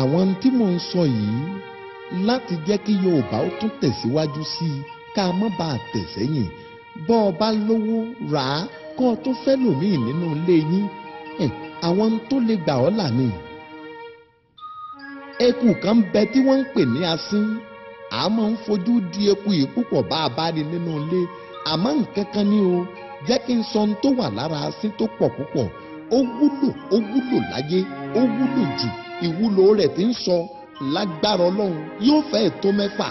àwọn tí mò ń sọ yìí láti jẹ́ kí Yorùbá ó tún tẹ̀síwájú sí i ká má bà á tẹ̀ sẹ́yìn bọ́ ọ bá lówó rà á kó o tún fẹ́ lòmíì nínú ilé yín àwọn tó lè gbà ọ́ là ni. eku kan bẹ tí wọ́n ń pè ní asín a máa ń fojú di eku yìí púpọ̀ bá a bá rí nínú ilé àmọ́ nǹkan kan ni o jẹ́ kí n sọ ohun tó wà lára asín tó pọ̀ púpọ̀ ó wúlò ó wúlò láyé ó wúlò jù ìwúlò rẹ̀ ti ń sọ lágbára ọlọ́run yóò fẹ́ẹ̀ tó mẹ́fà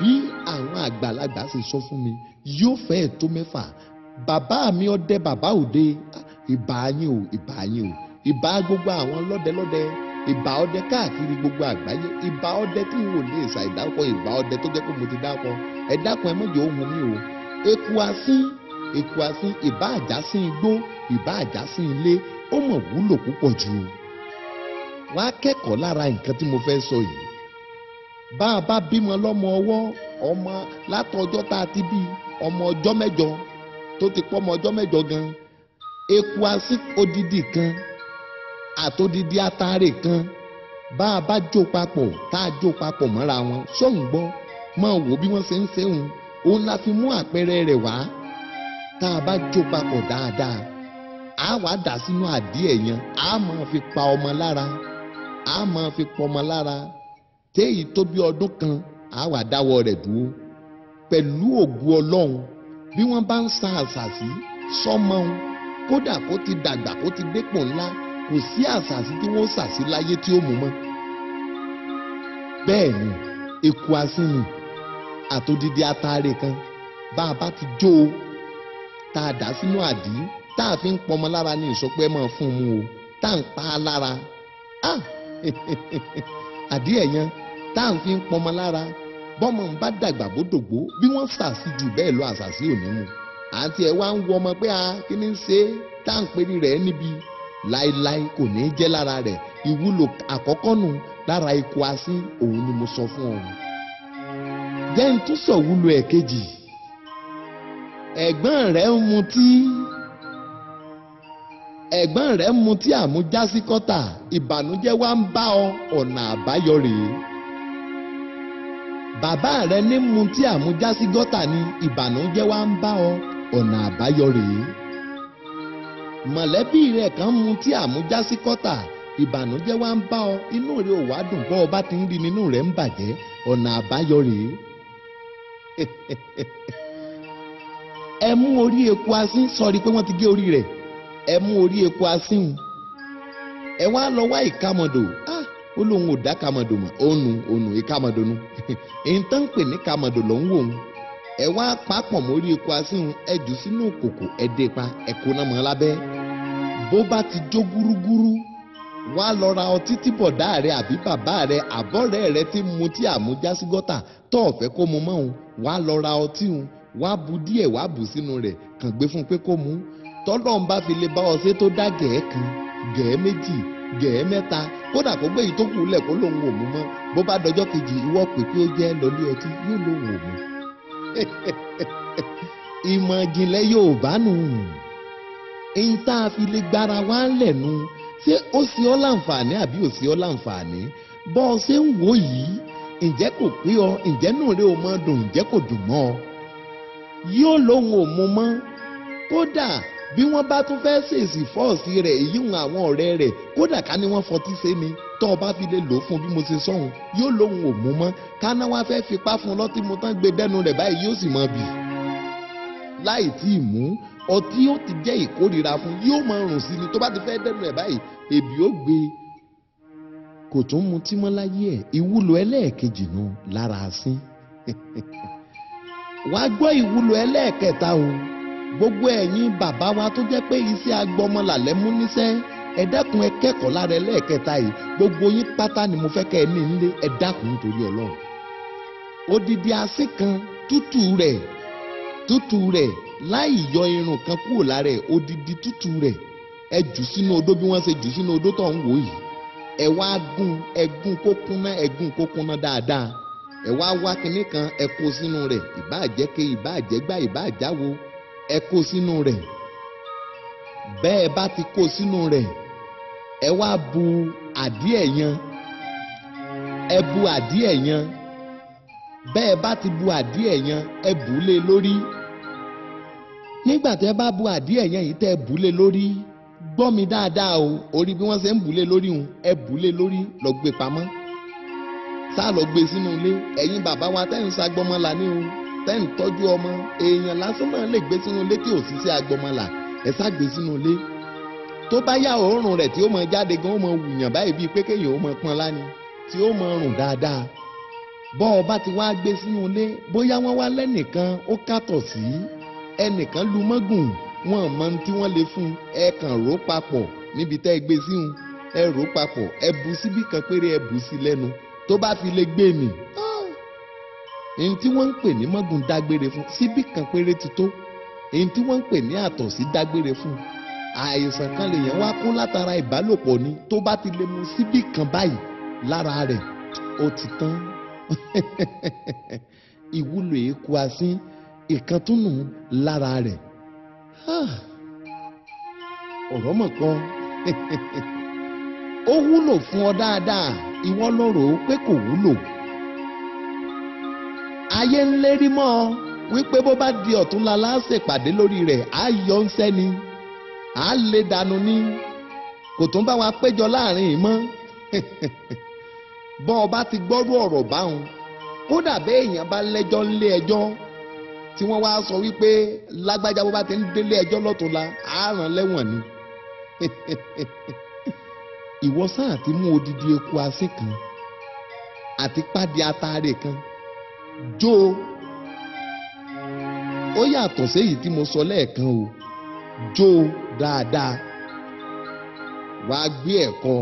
bí àwọn àgbàlagbà ṣe sọ fún mi yóò fẹ́ẹ̀ tó mẹ́fà bàbá mi ọdẹ bàbá òde ìbà yín o ìbà yín o ìbà gbogbo àwọn lọ́dẹ lọ́dẹ ìbà ọdẹ káàkiri gbogbo àgbáyé ìbà ọdẹ tí n ò lè ṣà ìdákọ ìbà ọdẹ tó jẹ́ pé mo ti dákọ ẹ dákun ẹ mọ̀jọ ohun mi o eku asín eku asín ìbà àjásín igbó ìbà àjásín ilé ó mọ̀ wúlò púpọ̀ jù o wàá kẹ́kọ̀ọ́ lára nǹkan tí mo fẹ́ sọ yìí bá a bá bímọ lọ́mọ ọwọ́ ọmọ látọjọ́ tá a ti bí ọmọ ọjọ́ mẹ́jọ tó ti pọ́ ọmọ ọjọ́ mẹ́jọ gan eku así odidi kan àtòdìdí atare kan bá a bá jó papọ̀ tá a jó papọ̀ mọ́ra wọn sóhùn gbọ́ máa wò bí wọ́n ṣe ń ṣeun òun la fi mú àpẹẹrẹ rẹ̀ wá tá a bá jó papọ̀ dáadáa a wàá dà sínú àdí ẹ̀yàn a máa fi pa ọmọ lára a máa fi pọmọ lára téyì tó bí ọdún kan a wà dáwọ́ rẹ̀ dúró pẹ̀lú ògo ọlọ́run bí wọ́n bá ń sa àṣàṣì sọ́mọ wọn kódà kó ti dàgbà kó ti dépò ńlá kò sí àṣàṣì tí wọ́n ṣàṣì láyé tí ó mú mọ́ bẹ́ẹ̀ ni eku asínì àtòdìdí ataare kan bá a bá ti jó o tá a dà sínú àdí tá a fi ń pọmọ lára ní ìsọpẹ́ máa fún un mu o tá à ń pa á lára ah àdìẹ yẹn tá à ń fi ń pọnmọ lára bọ́mọ ń bá dàgbà bó dògbó bí wọ́n sàṣì jù bẹ́ẹ̀ lọ àṣàṣì òní mu àǹtí ẹ̀ wá ń wọ ọmọ pé a kí ni ń ṣe tá à ń pèrè rẹ̀ níbi láéláé kò ní í jẹ́ lára rẹ̀ ìwúlò àkọ́kọ́ nù lára ikú asín òun ni mo sọ fún ọ. jẹ́ ń tún sọ̀wúlò ẹ̀ kejì ẹ̀gbọ́n rẹ̀ ń mutí. ẹ̀gbọ́n rẹ̀ mu tí àmújásí kọ́tà ìbànújẹ́ wá ń bá ọ ọ̀nà àbáyọ rèé bàbá ní mu tí àmújásí gọ́tà ni ìbànújẹ́ ń bá ọ ọ̀nà àbáyọ rèé mọ̀lẹ́bí kan mu tí àmújásí kọ́tà ìbànújẹ́ ń bá ọ inú ọ bá ti ń rí nínú ń bàjẹ́ ọ̀nà àbáyọ rèé ẹ mú orí asín ti gé orí rẹ̀. ẹ mú orí epo asínwó ẹ wá lọ wá ah ó lóun ò dá kàmọ̀dò mọ̀ ònù ònù ìkàmọ̀dò nu èyí ń pè ní kàmọ̀dò ló ń wò ó ẹ wá epo asínwó ẹ jù sínú kòkò ẹ dé pa ẹ kó náà mọ́ lábẹ́ bó bá ti jó gúrúgúrú wá lọ ra ọtí tí àbí bàbá rẹ àbọ̀rẹ́ rẹ ti mu tí àmújásígọ́tà tó ọ̀fẹ́ kó mu tọ́lọ́run bá fi lè bá ọ ṣe tó dá gẹ̀ẹ́ kan gẹ̀ẹ́ méjì gẹ̀ẹ́ mẹ́ta kódà kó gbé yìí tó kù lẹ̀ kó lòun ò mú mọ́ bó bá dọjọ́ kejì ìwọ pé kí ó jẹ́ lọlé ọtí yóò lòun ò mú. ìmọ̀ ìjìnlẹ̀ Yorùbá nù ẹ̀yin tá a fi lè gbára wá lẹ̀nu ṣé ó ṣe ọ́ láǹfààní àbí ò ṣe ọ́ láǹfààní bọ́ ọ ṣe ń wò yìí ǹjẹ́ kò pé ọ ǹjẹ́ nù rẹ ò mọ dùn ǹjẹ́ kò dùn mọ́ ọ yóò lòun ò mú mọ́ kódà bí wọ́n bá tún fẹ́ ṣèṣì fọ́ọ̀sì rẹ̀ èyí ń àwọn ọ̀rẹ́ rẹ̀ kódà ká ní wọ́n fọtí sé mi tọ́ ọ bá fi lè lò ó fún bí mo ṣe sọ́hun yóò lóun ò mú mọ́ káná wá fẹ́ fipá fún ọlọ́tí mo tán gbé dẹ́nu rẹ̀ báyìí yóò sì mọ bì láì tí ì mú ọtí ó ti jẹ́ ìkórira fún yóò mọ rùn sí ni tó bá ti fẹ́ dẹ́nu rẹ̀ báyìí èbí ó gbé kò tún mu tí mọ́ láyé ẹ̀ wàá gbọ́ ìwúlò ẹlẹ́ẹ̀kẹta o gbogbo ẹ̀yin bàbá wa tó jẹ́ pé iṣẹ́ agbọmọ làlẹ́ mú níṣẹ́ ẹ dákun ẹ kẹ́kọ̀ọ́ lára ẹlẹ́ẹ̀kẹta yìí gbogbo yín pátá ni mo fẹ́ kẹ́ ẹ ní nílé ẹ dákun nítorí ọlọ́run odidi asín kan tútù rẹ̀ tútù rẹ̀ láì yọ irun kan kúrò lára ẹ̀ odidi tútù rẹ̀ ẹ jù sínú odó bí wọ́n ṣe jù sínú odó tó ń wò yìí ẹ wá gún ẹ gún kó kúnná dáadáa ẹ wá wá kinní kan ẹ kó sínú rẹ̀ ìbáà jẹ́ ké ìbáà jẹ́ gbá ẹ kó sínú rẹ̀ bẹ́ẹ̀ bá ti kó sínú rẹ̀ ẹ wá bu àdíẹ̀ yan ẹ bu àdíẹ̀ yan bẹ́ẹ̀ bá ti bu àdíẹ̀ yan ẹ bù ú lé lórí nígbà tẹ́ bá bu àdíẹ̀ yan yìí tẹ́ bù ú lé lórí gbọ́ mi dáadáa o orí bí wọ́n ṣe ń bù ú lé lórí hun ẹ bù ú lé lórí lọ gbé pamọ́ sá lọ gbé sínú ilé ẹ̀yin bàbá wa tẹ́yìn sagbọ́mọ́ la ní o tẹ́ ń tọ́jú ọmọ èèyàn lásán náà lè gbé sínú ilé tí ò sí sí agbọmọlà ẹ ságbe sínú ilé tó bá yá òórùn rẹ̀ tí ó mọ jáde gan ó mọ wùyàn báyìí bíi pé kéèyàn ó mọ pọn lání tí ó mọ rùn dáadáa bọ́ ọ bá ti wá gbé sínú ilé bóyá wọ́n wá lẹ́nìkan ó kàtọ̀ sí ẹnìkan lu mọ́gùn wọn mọ ohun tí wọ́n lè fún ẹ kàn ró papọ̀ níbi tẹ́ ẹ gbé síhun ẹ ró papọ̀ ẹ bù síbí kan péré ẹ bù sí lẹ́nu tó bá fi lè gbé mi. Ah! èyí tí wọ́n ń pè ní mọ́gùn dágbére fún síbí kan péré ti tó èyí tí wọ́n ń pè ní àtọ̀sí dágbére fún àìsàn kan lèèyàn wá kó látara ìbálòpọ̀ ni tó bá ti lè mu síbí kan báyìí lára rẹ̀ ó ti tán ìwúlò èékú asín ìkàntúnù lára rẹ̀ ah! ọ̀rọ̀ mọ̀ kan ó wúlò fún ọ dáadáa ìwọ lọ́rọ̀ ó pé kò wúlò ayé ń lérí mọ́ ọ wípé bó bá di ọ̀túnla láṣèpàdé lórí rẹ̀ á yọ ń sẹ́ni á lè dànù ni kò tún bá wa péjọ láàrin ìmọ̀ bọ́n ọba ti gbọ́rú ọ̀rọ̀ báwọn kódà bẹ́ẹ̀ èèyàn bá lẹ́jọ́ ńlé ẹjọ́ tí wọ́n wá sọ wípé lágbájá bó bá ti ń délé ẹjọ́ lọ́túnla á ràn lẹ́wọ̀n ni ìwọ sáà ti mú odidi eku asín kan àti pádi ataare kan jó ó yàtọ̀ séyìí tí mo sọ lẹ́ẹ̀kan o jó dáadáa wàá gbé ẹ̀kan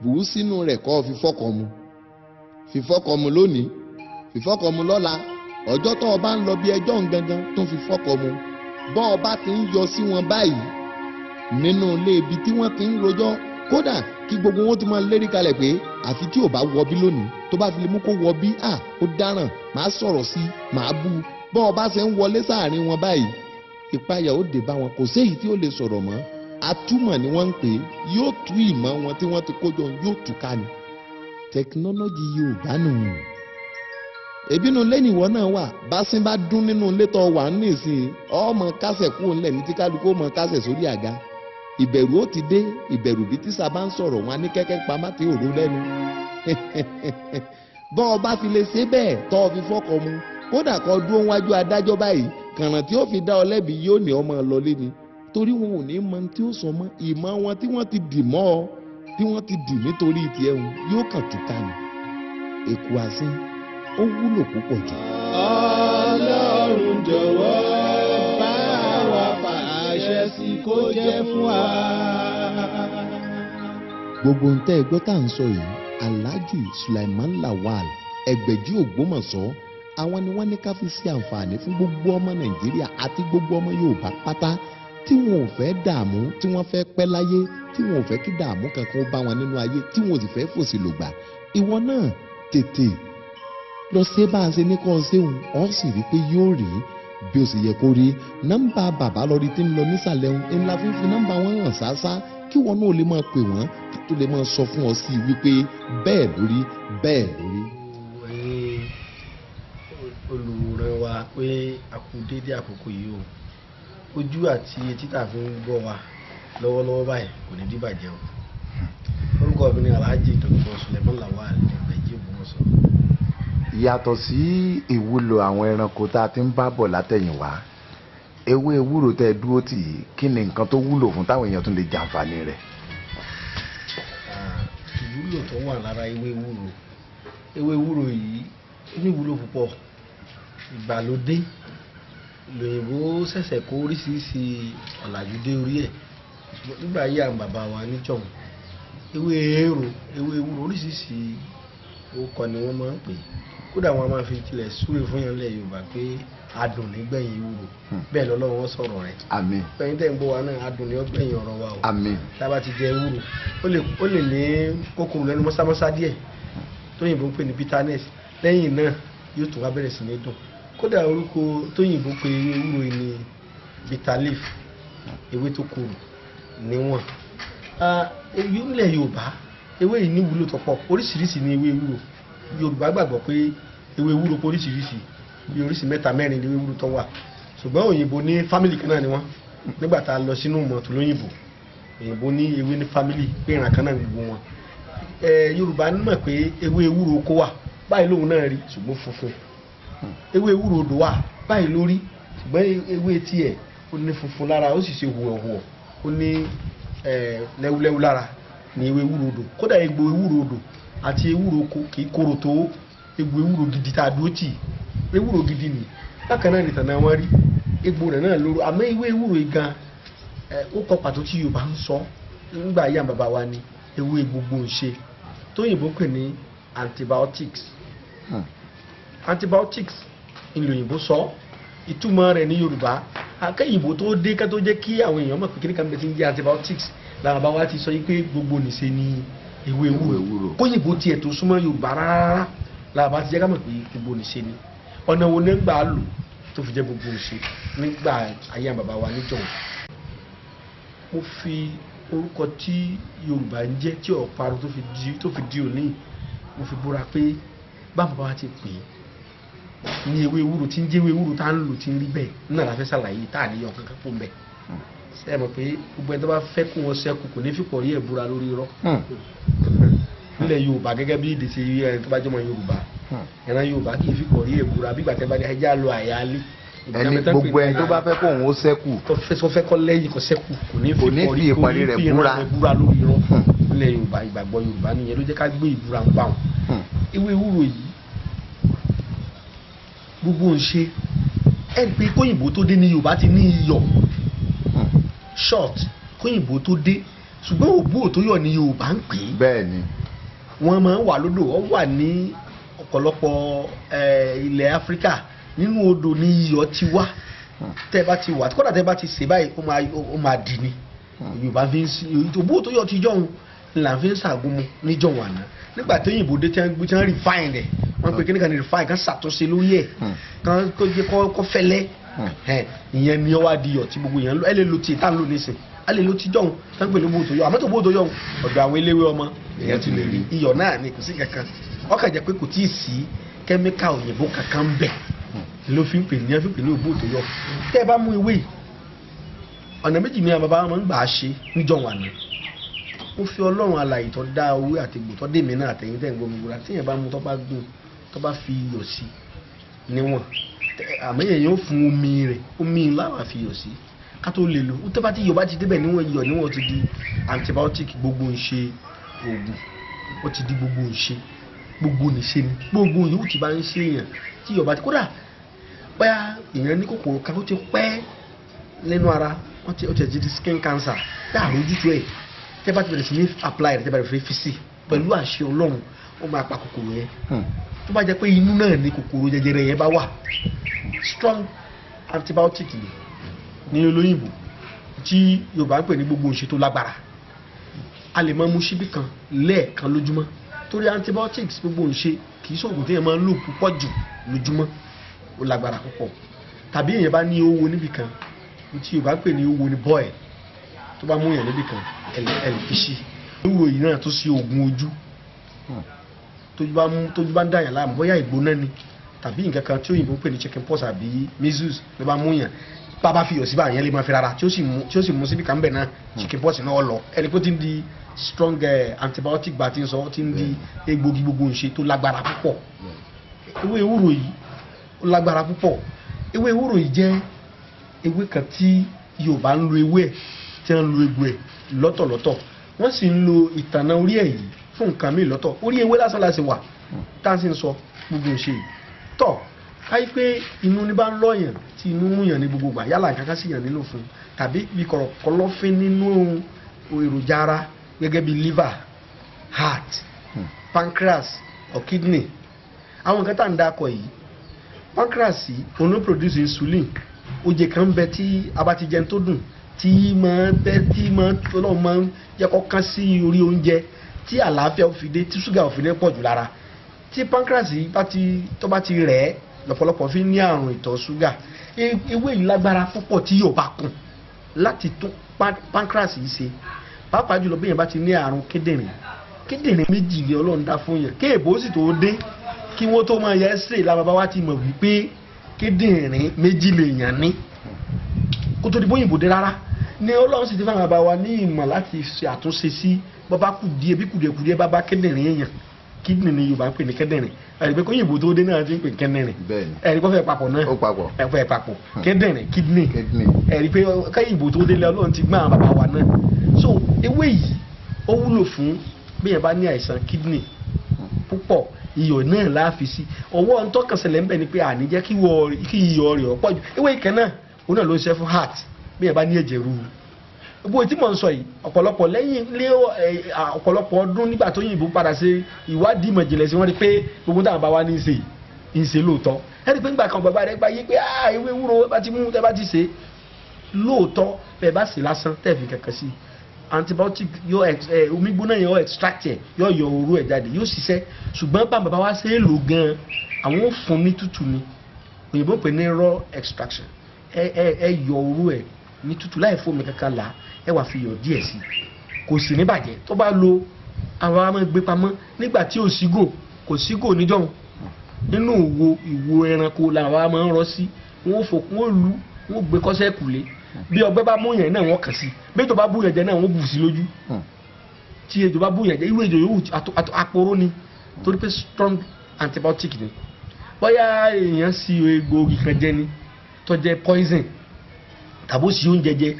bù ú sínú rẹ̀ kó o fi fọ́kàn mu fi fọ́kàn mu lónìí fi mu lọ́la ọjọ́ tó o bá ń lọ bí ẹjọ́ ń gangan tó fi mu bọ́ ọ bá ti ń yọ sí wọn báyìí nínú ilé ibi tí wọ́n ti ń rojọ́ kódà kí gbogbo wọn tún máa lérí kalẹ̀ pé àfi tí ò bá wọ bí lónìí tó bá fi lè mú kó wọ bí à ó dáràn màá sọ̀rọ̀ sí màá bú bọ́n ọba ṣe ń wọlé sáàrin wọn báyìí ìpayà ó dé bá wọn kò séyìí tí ó lè sọ̀rọ̀ mọ́ atúmọ̀ ni wọ́n ń pè yóò tú ìmọ̀ wọn tí wọ́n ti kó jọ yóò tú ká ni tẹkinọ́lọ́jì Yorùbá nù ebínú lẹ́yìn ìwọ náà wà báṣin bá dún nínú ilé tó wà nísìnyí ọmọ kásẹ̀ kúrò ńlẹ̀ ní tí ọmọ kásẹ̀ sórí àga ìbẹ̀rù ó ti dé ìbẹ̀rù bí tíṣà bá ń sọ̀rọ̀ wọn á ní kẹ́kẹ́ pamá tí òru lẹ́nu bọ́n ọba fi lè ṣe bẹ́ẹ̀ tọ́ ọ fi fọ́kọ mu kódà kó dúró wájú adájọ́ báyìí kàràn tí ó fi dá ọ lẹ́bi yóò ní ọmọ lọlé ni torí wọn ò ní mọ tí ó sọ mọ́ ìmọ̀ wọn tí wọ́n ti dì mọ́ ọ tí wọ́n ti dì nítorí tiẹ̀ hùn yóò kàn túká ni èkó àsín ó wúlò púpọ̀ jù. ọlọ́run jọ̀wọ́ ìrẹsì kó jẹ́ fún wa. gbogbo ń tẹ́ ẹ tá à ń sọ yìí aláàjù Sulaiman Lawal ẹgbẹ̀jì Ògbómọ̀ṣọ́ àwọn ni wọ́n ní ká fi ṣe àǹfààní fún gbogbo ọmọ Nàìjíríà àti gbogbo ọmọ Yorùbá pátá tí wọn ò fẹ́ dààmú tí wọ́n fẹ́ pẹ́ láyé tí wọn ò fẹ́ kí dààmú kankan bá wọn nínú ayé tí wọn ò sì fẹ́ fòsì lògbà ìwọ náà tètè lọ ṣe bá a ṣe ní kọ́ ọ ṣéun ọ sì rí i pé yóò rí i bí ó sì yẹ kó rí nọ́mbà bàbá lórí tí ń lọ nísàlẹ̀ ohun ńlá fífi nọ́mbà wọn hàn ṣáṣá kí wọn náà lè máa pè wọ́n kí tó lè máa sọ fún ọ sí i wípé bẹ́ẹ̀ lórí bẹ́ẹ̀ lórí. olùwòran wa pé a kú déédéé àkókò yìí o ojú àti etí tá a fi ń gbọ́ wa lọ́wọ́lọ́wọ́ báyìí kò ní dìbàjẹ́ o orúkọ mi ni alhaji dr suleman lawal ẹgbẹ̀jì ògbómọ̀ṣọ́ yàtọ̀ sí ìwúlò àwọn ẹranko tá a ti ń bá bọ̀ látẹ̀yìnwá ewé ewúro tẹ́ ẹ dúró tì í kí ni nǹkan tó wúlò fún táwọn èèyàn tún lè jàǹfààní rẹ̀. Ah, ìwúlò tó wà lára ewé ewúro ewé ewúro yìí ní ìwúlò púpọ̀ ìgbàlódé lòyìnbó ṣẹ̀ṣẹ̀ kó oríṣiríṣi ọ̀làjú dé orí ẹ̀ nígbà yí àwọn bàbá wa níjọ̀hún ewé eérò ewé ewúro oríṣiríṣi orúkọ ni wọ́n máa ń pè kódà wọ́n máa fi tilẹ̀ súre fún yàn lẹ̀ yorùbá pé adùn nígbẹ̀yìn ìwúrò hmm. bẹ́ẹ̀ lọ́lọ́wọ́ sọ̀rọ̀ rẹ̀ àmín pẹ̀yìn tẹ̀ ń bọ̀ wá náà adùn ní ọgbẹ̀yìn ọ̀rọ̀ wa o àmín tá a bá ti jẹ ìwúrò ó lè ní kòkòrò lẹ́nu mọ́sámọ́sá díẹ̀ tóyìnbó ń pè ní bitterness lẹ́yìn náà yóò tún wá bẹ̀rẹ̀ sí ní dùn kódà orúkọ tóyìnbó pè ìwúrò ni bitter leaf ewé tó korò níwọ̀n ilẹ̀ yorùbá ewé yìí ní wúlò tó pọ̀ oríṣiríṣi ni ewé ewúro yorùbá gbàgbọ́ pé ewé ewúro pé oríṣiríṣi bí oríṣi mẹ́ta mẹ́rin ni ewé ewúro tó wà ṣùgbọ́n òyìnbó ní fámìlì kan náà ni wọ́n nígbà tá a lọ sínú mọ̀tò lóyìnbó òyìnbó ní ewé ní fámìlì pé kan náà ni gbogbo wọn yorùbá mọ̀ pé ewé ewúro kó wà báyìí lóhun náà rí ṣùgbọ́n funfun ewé ewúro odò wà báyìí lórí ṣùgbọ́n ewé tiẹ̀ ó ní funfun lára ó sì ṣe hùwẹ̀hùwẹ̀ ó ní lẹ́wúlẹ́wú lára ní ewé ewúro odò kódà egbò ewúro odò àti ewúro kì í korò tó egbò ewúro gidi tá a dúró tì ewúro gidi nì bákan náà nìtàn náà wọ́n rí egbò rẹ̀ náà lóró àmọ́ ewé ewúro gan ó kọ pàtó tí Yorùbá ń sọ nígbà yíyá bàbá wa ni ewu gbogbo ń ṣe tóyìnbó pè ní antibiotics hmm. antibiotics ìlòyìnbó sọ ìtumọ̀ rẹ̀ ní Yorùbá akẹ́yìnbó tó dé ká tó jẹ́ kí àwọn èèyàn mọ̀ pé kíníkà ń bẹ ti ń jẹ́ antibiotics làwọn bàbá wa ti sọ yìí pé gbogbo nìṣe ni ewé ewúro kóyìnbó tiẹ̀ tó súnmọ́ yorùbá rárá làwọn bá ti jẹ́ ká mọ̀ pé gbogbo nìṣe ni ọ̀nà wo ní gbà á lò tó fi jẹ́ gbogbo nìṣe nígbà ayé bàbá wa níjọ̀wọ́ mo fi orúkọ tí yorùbá ń jẹ́ tí ọ̀parun tó fi di òní mo fi búra pé báwọn bàbá wa ti pè é ní ewé ewúro tí ń jẹ́ ewé ewúro tá ń lò tí ń rí bẹ́ẹ̀ náà la fẹ́ ṣàlàyé tá à níyàn kankan fún bẹ́ẹ̀. Hmm ṣe mọ̀ pé gbogbo ẹni tó bá fẹ́ kó wọn ṣẹ́kù kò ní fìpọ̀ rí ẹ̀búra lórí irọ́ hmm. nílẹ̀ yorùbá gẹ́gẹ́ bí èdè ṣe yẹ ẹni tó bá jọmọ yorùbá ẹran yorùbá kì í fìpọ̀ rí ẹ̀búra bí gbàtẹ́ bá ní ẹjẹ́ àlọ́ àyálé ẹni gbogbo ẹni tó bá fẹ́ kó wọn ṣẹ́kù tó fẹ́ kọ́ lẹ́yìn kọ́ ṣẹ́kù kò ní fi ìpàdé rẹ̀ búra lórí irọ́ hmm. nílẹ̀ yorùbá ìgbàgbọ́ yorùbá nìyẹn ló jẹ́ ká gbé ìbúra ń bá wọn hmm short kóyìnbó tó dé ṣùgbọ́n òbú òtóyọ̀ ni Yorùbá ń pè é. bẹ́ẹ̀ni. wọ́n máa ń wà lódò wọ́n wà ní ọ̀pọ̀lọpọ̀ ilẹ̀ Áfíríkà nínú odò ni iyọ̀ ti wá tẹ́ bá ti wà kódà tẹ́ bá ti sè báyìí ó máa dì ní Yorùbá fi ń sí òbú òtóyọ̀ ti jọ̀hún là ń fi ń ṣàgúnmu níjọ̀hún àná nígbà tí òyìnbó dé tí wọ́n refine rẹ̀ wọ́n pe hmm. kí ni refine kan ṣàtúnṣe lórí ẹ̀ hmm. kan kó fẹ́lẹ́ ìyẹn ni ó wá di iyọ̀ tí gbogbo èèyàn ẹ lè lo tiẹ̀ tá à ń lò nísìn a lè lo ti jọ̀hún tá ń pè ní bó tó yọ àmọ́ tó bó tó yọ ọ̀dọ̀ àwọn eléwé ọmọ èèyàn ti lè rí iyọ̀ náà ni kò sí kankan ó kàn pé kò tíì sí kẹ́míkà òyìnbó kankan bẹ̀ hmm. ló fi ń pè ní ẹ ní bó tó yọ tẹ́ ẹ bá mú ewé ọ̀nà méjì ni bàbá wọn gbà á ṣe níjọ̀hún àná ó fi ọlọ́run alàyè tó dá owó àti gbò tó dèmí náà àtẹ̀yìn tẹ̀ ń gbòmìnira tíyẹn bá àmọ́ èèyàn yóò fún omi rẹ̀ omi láwọn àfihàn sí ká tó lè lò ó tó bá ti yọ̀ bá ti débẹ̀ níwọ̀n yọ̀ níwọ̀n ti di antibiotic gbogbo ń ṣe oògùn ó ti di gbogbo ń ṣe gbogbo nìṣe ni gbogbo yòówù ti bá ń ṣe èèyàn tí yọ̀ bá ti kódà bóyá èèyàn ní kòkòrò kan ó ti pẹ́ lẹ́nu ara ó ti ti di skin cancer dáàrin ojútùú ẹ̀ tẹ́ bá ti bẹ̀rẹ̀ sí ní apply rẹ̀ tẹ́ bá ti fi sí pẹ̀lú àṣẹ ọlọ́run ó máa pa kòkòrò yẹn hmm tó bá jẹ́ pé inú náà ni kòkòrò jẹjẹrẹ yẹn bá wà strong antibiotic ni ní olóyìnbó tí yorùbá ń pè ní gbogbo òṣè tó lágbára a lè máa mu ṣíbí kan lẹ́ẹ̀kan lójúmọ́ torí antibiotics gbogbo òṣè kì í ṣòògùn tí èèyàn máa ń lò púpọ̀ jù lójúmọ́ ó lágbára púpọ̀ tàbí èèyàn bá ní owó níbì kan tí yorùbá ń pè ní owó ní bọ́ẹ̀ tó bá mú èèyàn níbì kan ẹ̀lẹ́fíṣí ewúro yìí náà tó ṣe oògùn ojú tójú bá ń dàyàn láàmú bóyá ìgbóná ni tàbí nǹkan kan tí òyìnbó ń pè ní chicken pox àbí measles ló bá mú yàn bàbá fi yọ̀sí báyẹn lè máa fi rárá tí ó sì mú síbi kan bẹ̀ náà hmm. chicken pox náà lọ ẹni pé ó ń di strong eh, antibiotic bá ti ń sọ ó ti ń di hmm. egbògi gbogbo ń ṣe tó lágbára púpọ̀ hmm. ewé ewúro yìí ó lágbára púpọ̀ ewé ewúro yìí jẹ́ ewé kan tí Yorùbá ń lo ewé ẹ̀ tí wọ́n ń lo egbò ẹ̀ lọ́tọ̀lọ́tọ̀ wọ́n sì ń lo ìtànà orí ẹ̀ yìí fún nǹkan mi lọ́tọ̀ orí ewé lásán láti wà tá à ń sì ń sọ gbogbo ìṣe yìí tọ́ káyí pé inú ní bá ń lọ́yàn tí inú ń yàn ní gbogbo gbà yálà nǹkan sì yàn nínú fún tàbí bí kọ̀rọ̀kọ̀lọ́fín nínú èròjà ara gẹ́gẹ́ bí liver heart hmm. pancreas or kidney àwọn nǹkan tá à ń dakọ̀ yìí pancreas yìí òun ló produce insulin oje kan bẹ tí abatijẹun tó dùn tí máa bẹ tí máa tó náà máa yẹ kó kán sí orí oúnjẹ tí àlàáfíà ò fi dé tí ṣúgà ò fi dé pọ̀ jù lára tí pancreas bá ti tó bá ti rẹ̀ ẹ́ lọ́pọ̀lọpọ̀ fi ní àrùn ìtọ̀ ṣúgà e, ewé yìí lágbára púpọ̀ tí yóò bá kùn láti tún pancreas yìí ṣe pàápàá jùlọ bí bá ti ní àrùn kíndìnrín kíndìnrín méjì lé ọlọ́run dá fún yẹn kéèbó sì tó dé kí wọ́n tó máa yẹ ẹ́ sè lára bàbá wa ti mọ̀ wípé kíndìnrín méjì lèèyàn ní kó tó di ni ọlọ́run sì ti fún àwọn bàbá wa ní ìmọ̀ láti ṣe àtúnṣe sí bàbá kùdíẹ̀ bí kùdìẹ̀kùdìẹ̀ bàbá kíndìnrín èèyàn kíndìnrín ni yorùbá ń pè ní kíndìnrín ẹ̀rí pé kóyìnbó tó dé náà ti ń pè kíndìnrín ẹ̀rí pé fẹ́ papọ̀ náà ó papọ̀ ẹ̀ fẹ́ papọ̀ kíndìnrín kídìnrín ẹ̀rí pé kóyìnbó tó dé náà ọlọ́run ti gbọ́n bàbá wa náà so ewé yìí ó wúlò fún bí yẹn bá ní àìsàn kídìnrín púpọ̀ iyọ̀ náà láàfi sí ọwọ́ ntọ́kànṣẹlẹ̀ ń bẹ̀ ni pé àní jẹ́ kí iyọ̀ rẹ̀ ọ̀pọ̀ ewé ìkẹ́ náà òun náà ló ń ṣe fún heart bí ẹ bá ní ẹ̀jẹ̀ ruru gbogbo tí mò ń sọ yìí ọ̀pọ̀lọpọ̀ lẹ́yìn lé ọ̀pọ̀lọpọ̀ ọdún nígbà tó yìnbó padà ṣe ìwádìí ìmọ̀ ìjìnlẹ̀ sí wọ́n rí pé gbogbo táwọn bá wá ní í ṣe ń ṣe lóòótọ́ ẹ rí pé nígbà kan bàbá rẹ gbá yé pé ah ewé wúro bá ti mú tẹ́ bá ti ṣe lóòótọ́ bẹ́ẹ̀ bá ṣe lásán tẹ́ fi kankan sí antibiotic yóò ẹ omi gbóná yẹn yóò extract ẹ yóò yọ òru ẹ jáde yóò ṣiṣẹ́ ṣùgbọ́n bá bàbá wa ṣe lò gan àwọn ò fún ní tútù ni òyìnbó pè ní raw extraction ẹ ẹ ẹ yọ òru ẹ ní tútù láì fómi kankan là ẹ wàá fi yọ̀ díẹ̀ sí kò sì ní bàjẹ́ tó bá lo àwọn amọ̀ gbé pamọ́ nígbà tí ò sígò kò sígò níjọ́hun nínú ìwo ìwo ẹranko làwọn amọ̀ ń rọ sí wọn ò fòkun ó lu wọn ò gbé kọ́sẹ́ kùlé bí ọgbẹ́ bá mú yẹn náà wọ́n kàn sí bẹ́ẹ̀jọ bá bú jẹ náà wọ́n bù sí lójú hmm. tí ejò bá bú jẹ irú ejò yòówù aporó ni hmm. torí pé strong antibiotic ni bóyá èèyàn sí egbò orí kan jẹ ni tó jẹ poison tàbó sí oúnjẹ jẹ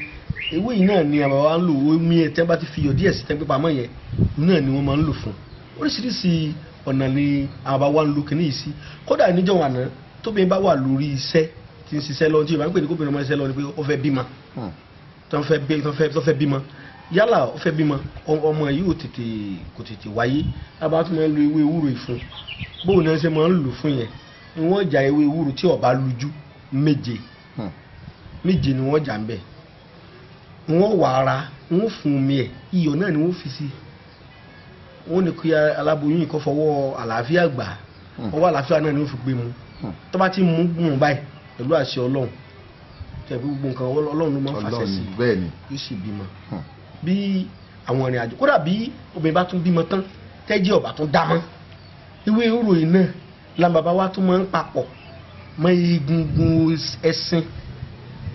ewé yìí náà ni àbá wa ń lò ó mí ẹ tẹ́ bá ti fi iyọ̀ díẹ̀ sí tẹ́ pípa yẹn náà ni wọ́n máa ń lò fún oríṣiríṣi ọ̀nà ni àbá wa ń lo kìnìún yìí sí kódà níjọ́ wà náà tóbi bá wà lórí iṣẹ́ tí ń ṣiṣẹ́ lọ́wọ́ tí yorùbá ń pè ní kóbìnrin ọmọ iṣẹ́ lọ́wọ́ ni pé ó fẹ́ bímọ hmm. tó fẹ́ bímọ yálà ó fẹ́ bímọ ọmọ yìí ò tètè kò tètè wáyé àbá tó máa ń lo ewé ewúro ìfun méje ni wọ́n jà ń bẹ̀ wọ́n wà ara wọ́n fún omi ẹ̀ iyọ̀ náà ni wọ́n fi sí wọ́n ní kí aláboyún yìí kọ́ fọwọ́ àlàáfíà gbà hmm. ọwọ́ àlàáfíà náà ni wọ́n fi gbé mu hmm. tó bá ti mú gùn báyìí pẹ̀lú àṣẹ ọlọ́run tẹ̀bí gbogbo nǹkan ọlọ́run ló máa ń fàṣẹ sí yóò sì bímọ hmm. bí àwọn ìrìn àjò kódà bí obìnrin bá tún bímọ tán tẹ́jì ọ̀bà tún dá mọ́ ìwé ìròyìn náà làbàbá wa tún máa ń papọ̀ mọ́ egungun ẹ̀sìn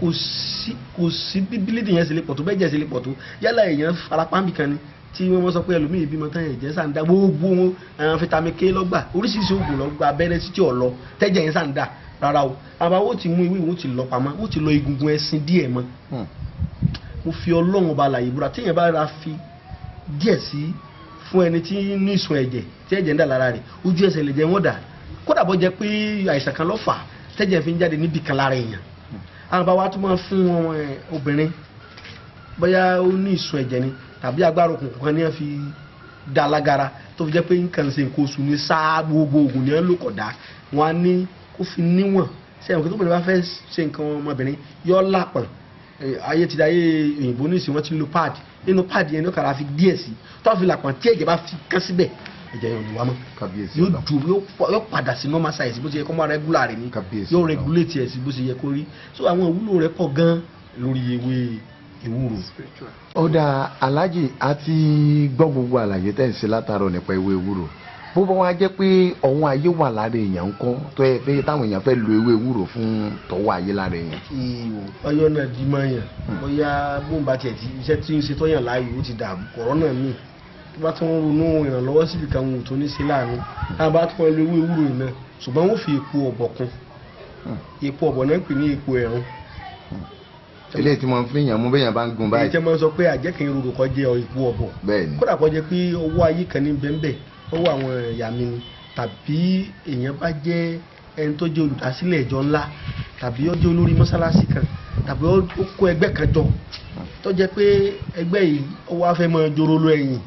kò sí kò sí bí bíléèdì yẹn ṣe lè pọ̀ tó bẹ́ẹ̀ jẹ́ ṣe lè pọ̀ tó yálà èèyàn farapa nbìkan ni tí wọ́n sọ pé ẹlòmíì ìbímọ tán ẹ̀jẹ̀ sàǹdà gbogbo wọn àwọn fitamin k lọ́gbà oríṣiríṣi oògùn lọ́gbà abẹ́rẹ́ títí ọ̀lọ́ tẹ́jẹ̀ yẹn sàǹdà rárá o àbá wọ́n ti mú ìwé wọ́n ti lọ pamọ́ wọ́n ti lọ egungun ẹṣin díẹ̀ mọ́ hmm. mo fi ọlọ́run ba àlàyé búra téèyàn bá ra fi díẹ̀ sí fún ẹni tí ní ìsun ẹ̀jẹ̀ tí ẹ̀jẹ̀ ń dà lára rẹ̀ ojú ẹsẹ̀ lè jẹ́ wọ́n dà kódà bó jẹ́ pé àìsàn kan ló fà tẹ́jẹ̀ fi ń jáde níbì kan lára èèyàn arábáwá tún máa fún wọn eh, obìnrin bóyá ó ní ìsun ẹ̀jẹ̀ ni tàbí agbára òkùnkùn kan ní wọn fi dá lágara tó fi jẹ́ pé nǹkan ṣe nǹkan oṣù ní sáà gbogbo oògùn ní wọn lò kọ̀dá wọn á ní kó fi níwọ̀n ṣe àwọn kótópìnrin bá fẹ́ ṣe nǹkan ọmọbìnrin yọ lápọ̀n eh, ayé ti dáyé òyìnbó ní ìsìn wọn ti lo páàdì nínú páàdì yẹn ní ọkàrà fi díẹ̀ sí tó fi làpọ̀n tí ẹ̀jẹ̀ bá fi kán síbẹ̀ ẹ̀jẹ̀ yóò ní wa mọ́ yóò ju yóò padà sí normal size bó ṣe yẹ kó máa regular rẹ̀ ni yóò regulate ẹ̀ sí bó ṣe yẹ kó rí so àwọn ìwúlò rẹ̀ pọ̀ gan lórí ewé ewúro. ọ̀dà alájì a ti gbọ́ gbogbo àlàyé tẹ̀ ń ṣe látàrọ̀ nípa ewé ewúro bó bá wá jẹ́ pé ọ̀hún ayé wà lára èèyàn ń kọ́ tó yẹ pé táwọn èèyàn fẹ́ lo ewé ewúro fún tọ́wọ́ ayé lára èèyàn. ọyọ náà di mọ́ yàn hmm. bóyá bóun bá tiẹ̀ ti iṣẹ́ tí ń ṣe tọ́yàn láàyò ó ti dààmú kọ̀rọ̀ náà míì tó bá tí wọ́n ronú ìrànlọ́wọ́ síbi kan wọn ò tó ní sí láàrin náà bá tí wọ́n lo ewé ewúro náà ṣùgbọ́n wọ́n fi epo ọ̀bọ̀ kún hmm. epo ọ̀bọ̀ náà pè ní epo ẹ̀rùn. ilé hmm. tí mo fi yàn mú bẹ́yàn bá ń gun báyìí. ìjẹ́ máa sọ pé àjẹkìn rògbò kọ́ jẹ́ epo ọ̀bọ̀ kódà kọ́ jẹ́ pé ọwọ́ ayé kan ní bẹ́ńbẹ́ ọwọ́ àwọn ẹ̀yà mi ni tàbí èèyàn bá jẹ́ ẹni tó jẹ́ olùdásílẹ̀ ìjọ ńlá tàbí ó jẹ́ olórí mọ́sálásí kan tàbí ó kó ẹgbẹ́ kan jọ tó jẹ́ pé ẹgbẹ́ yìí ó wá fẹ́ máa jorolo ẹ̀yìn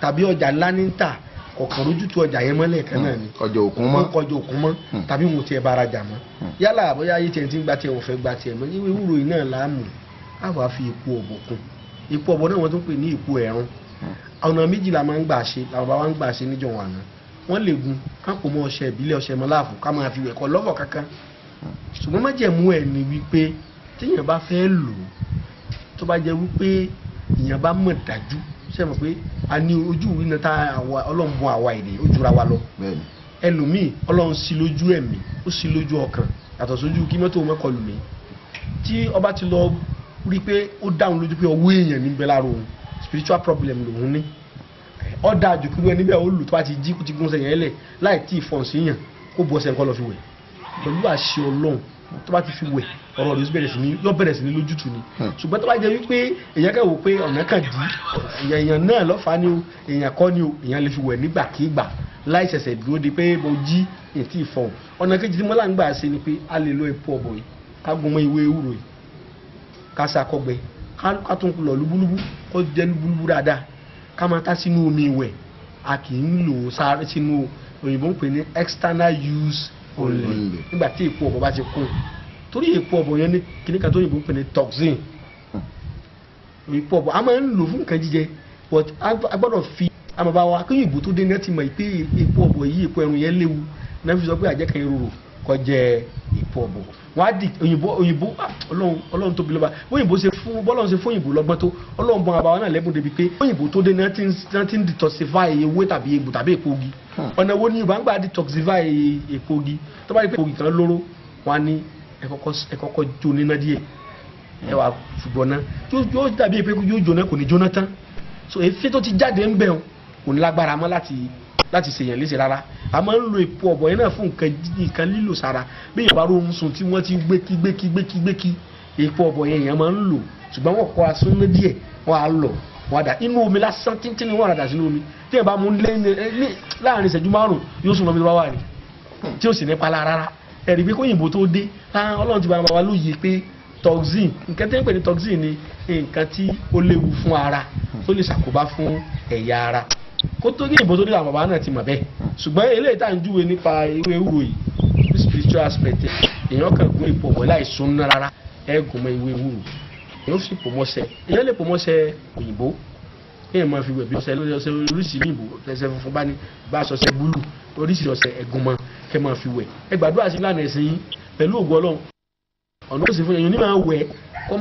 tàbí ọjà ńlá ní ta ọ̀kan lójútu ọjà yẹn mọ́lẹ̀ kan náà ni hmm. kọjọ òkun mọ́ kọjọ òkun mọ́ hmm. tàbí wọn tiẹ̀ bára jà mọ́ hmm. yálà àbọ̀yá ayé tiẹ̀ ti ń gba tiẹ̀ wọ́n fẹ́ gba tiẹ̀ mọ́ ìwé ìwúrò yìí náà là á mú àwa fi ikú ọ̀bọ kún ikú ọ̀bọ náà wọ́n tún pè ní ikú ẹ̀rún ọ̀nà méjì la máa ń gbà ṣe làwọn bá wa ń gbà ṣe níjọ wọn àná wọ́n lè gun ká kò mọ ọṣẹ ìbílẹ̀ ọṣẹ mọ́láàfù ká ni wípé téèyàn bá fẹ́ lò ó tó bá jẹ́ wípé èèyàn bá Ani ní ojú ìwé náà tá ọlọ́run bọ́ àwa èdè ó jura wa lọ ẹlòmíì ọlọ́run sí lójú ẹ̀mí ó sí lójú ọkàn yàtọ̀ sójú kí mọ́tò mọ́kọlù mi tí ọba ti lọ rí i pé ó dáhùn lójú pé ọwọ́ èèyàn níbẹ̀ láàrọ̀ òun spiritual problem lòun ní ó dáa jù kí wọ́n níbẹ̀ ó lù tó bá ti jí kó ti gún sẹ́yìn ẹlẹ̀ láì tí ì fọ̀n sí yàn kó bu ọṣẹ nǹkan lọ fi wẹ̀ pẹ̀lú àṣẹ ọlọ́run tó bá ti fi wẹ̀ ọ̀rọ̀ rẹ̀ yóò bẹ̀rẹ̀ sí ní lójútu ni hmm. ṣùgbọ́n tó bá jẹ́ wípé èèyàn kẹ́ wò pé ọ̀nà kan dí èèyàn náà lọ́fà ni o èèyàn kọ́ ni o èèyàn lè fi wẹ̀ nígbàkigbà láì ṣẹ̀ṣẹ̀ dúró de pé mo jí ètí ìfọ̀hún ọ̀nà kejì tí mo là ń gbà ṣe ni pé a lè lo epo ọ̀bọ̀ yìí ká gun mọ́ ìwé ewúro yìí ká ṣàkọgbẹ ká tún lọ lúbúlúbú kó jẹ́ lúbúlúbú dáadáa ká máa tá sínú omi ìwẹ̀ a kì í lò ó sáré sínú òyìnbó ń pè ní external use only nígbà tí epo ọ̀bọ̀ bá ti kún un torí èpo ọ̀bọ̀ yẹn ní kíní kan tó yìnbó pè ní toxin èpo hmm. ọ̀bọ̀ a máa ń lò fún nǹkan jíjẹ but a gbọ́dọ̀ fi àmàbà wa kí yìnbó tó dé ní ẹtì mọ̀ pé èpo ọ̀bọ̀ yìí èpo ẹ̀rùn yẹn léwu náà fi sọ pé àjẹkẹ́ rorò kọ́ jẹ èpo ọ̀bọ̀ wọ́n á di òyìnbó òyìnbó ọlọ́run tóbi lọ́ba òyìnbó ṣe fún bọ́lọ́run ṣe fún òyìnbó lọ́gbọ́n tó ọlọ́run bọ́n àbáwọn náà lẹ́bùn débi pé òyìnbó tó dé náà ti ń detoxify ewé tàbí egbò tàbí èpo ogi hmm. ọ̀nà wo ni yorùbá ń detoxify èpo ogi tó bá pé èpo ogi kan lóró wọn á ní ẹ kọ́kọ́ jó níná díẹ̀ ẹ wà ṣùgbọ́n náà yóò dàbí pé yóò jóná kò ní jóná tán so èéfín tó ti jáde ń bẹ̀rùn kò ní lágbára mọ́ láti láti ṣèyàn léṣe rárá a máa ń lo èpo ọ̀bọ̀ yẹn náà fún nǹkan nǹkan lílò sára bí èèyàn bá rọrùn sùn tí wọ́n ti gbékí gbékí gbékí gbékí èpo ọ̀bọ̀ yẹn èèyàn máa ń lò ṣùgbọ́n wọ́n kọ́ aṣọ ńlẹ́ díẹ̀ wọ́n á lọ wọ́n á dà inú omi lásán títí ni wọ́n á dà sínú omi tí èèyàn bá mú lẹ́yìn láàrin ìṣẹ́jú márùn-ún yóò sùn lọ́mí lọ́wọ́ rẹ̀ tí ò sì nípa lára rárá ẹ̀rí pé kóyìnbó tó dé ọlọ́run ti bá wa lóye pé toxin nǹkan tí wọ́n pè ní toxin ni nǹkan tí ó léwu fún ara tó lè ṣàkóbá fún ẹ̀yà ara kó tó yìnbó tó dé àwọn bàbá náà ti mọ̀ bẹ́ẹ̀ ṣùgbọ́n eléyìí tá à ń júwe nípa ewé ewúro yìí spiritual aspect èèyàn kan gún ipò wọ́n láì súnná rárá ẹ̀ gùn mọ́ ewé ewúro èèyàn sì pò mọ́sẹ̀ èèyàn lè pò mọ́sẹ̀ òyìnbó èèyàn máa fi wẹ̀ bí ọṣẹ lórí ọṣẹ oríṣiríṣi òyìnbó ẹsẹ̀ funfun bá ní bá aṣọ ṣẹ búlù oríṣiríṣi ọ̀sẹ̀ ẹ̀gùn mọ́ kẹ́ máa fi wẹ̀ ẹ gbàdúrà sí lánàá ẹ̀sìn yín pẹ̀lú ògùn ọlọ́run ọ̀nà ó sì fún ẹ̀yìn onímọ̀ wẹ̀ kọ́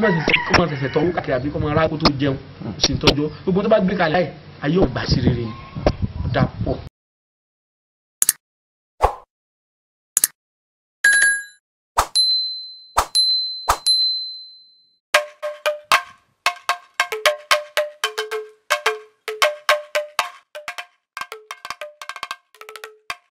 máa fẹ̀fẹ̀ tọ́wọ́ kàkiri àbí kọ́ máa rá kó tó jẹun sì ń tọ́jú gbogbo tó bá gbé kalẹ̀ ayé ọ̀gbà sí rere dàpọ̀.